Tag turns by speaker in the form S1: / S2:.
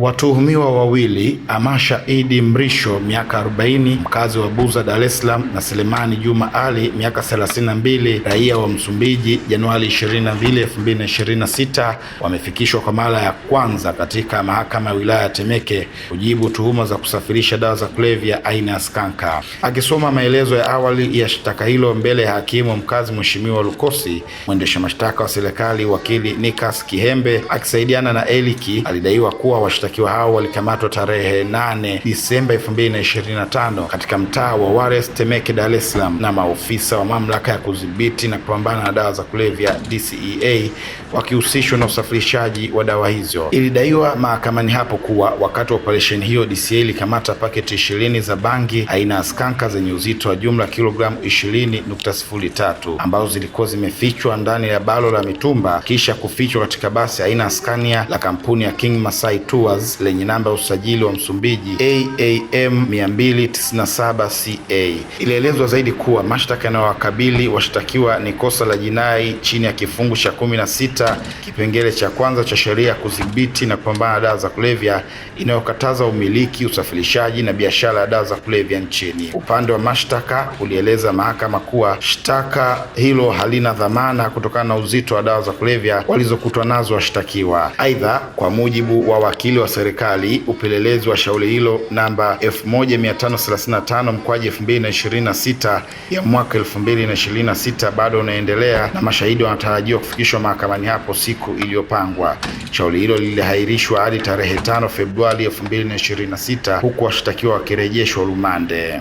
S1: Watuhumiwa wawili Amasha Idi Mrisho miaka 40, mkazi wa Buza, Dar es Salaam, na Selemani Juma Ali miaka 32, raia wa Msumbiji, Januari 22, 2026 wamefikishwa kwa mara ya kwanza katika mahakama ya wilaya ya Temeke kujibu tuhuma za kusafirisha dawa za kulevya aina ya skanka. Akisoma maelezo ya awali ya shtaka hilo mbele ya hakimu mkazi Mheshimiwa Lukosi, mwendesha mashtaka wa serikali wakili Nikas Kihembe akisaidiana na Eliki alidaiwa kuwa washtaki Washtakiwa hao walikamatwa tarehe 8 Disemba 2025 katika mtaa wa Wares, Temeke, Dar es Salaam na maofisa wa mamlaka ya kudhibiti na kupambana na dawa za kulevya DCEA wakihusishwa na usafirishaji wa dawa hizo. Ilidaiwa mahakamani hapo kuwa wakati wa operesheni hiyo DCEA ilikamata paketi ishirini za bangi aina ya skanka zenye uzito wa jumla kilogramu tatu ambazo zilikuwa zimefichwa ndani ya balo la mitumba kisha kufichwa katika basi aina ya Scania la kampuni ya King Masai Tours Towers lenye namba ya usajili wa Msumbiji AAM 297CA. Ilielezwa zaidi kuwa mashtaka yanayowakabili washtakiwa ni kosa la jinai chini ya kifungu cha kumi kipengele cha kwanza cha sheria ya kudhibiti na kupambana na dawa za kulevya inayokataza umiliki, usafirishaji na biashara ya dawa za kulevya nchini. Upande wa mashtaka ulieleza mahakama kuwa shtaka hilo halina dhamana kutokana na uzito wa dawa za kulevya walizokutwa nazo washtakiwa. Aidha, kwa mujibu wa wakili wa serikali upelelezi wa shauri hilo namba 1535 mkwaji 2026 ya mwaka 2026 bado unaendelea na mashahidi wanatarajiwa kufikishwa mahakamani hapo siku iliyopangwa. Shauri hilo lilihairishwa hadi tarehe 5 Februari 2026 huku washtakiwa wakirejeshwa rumande.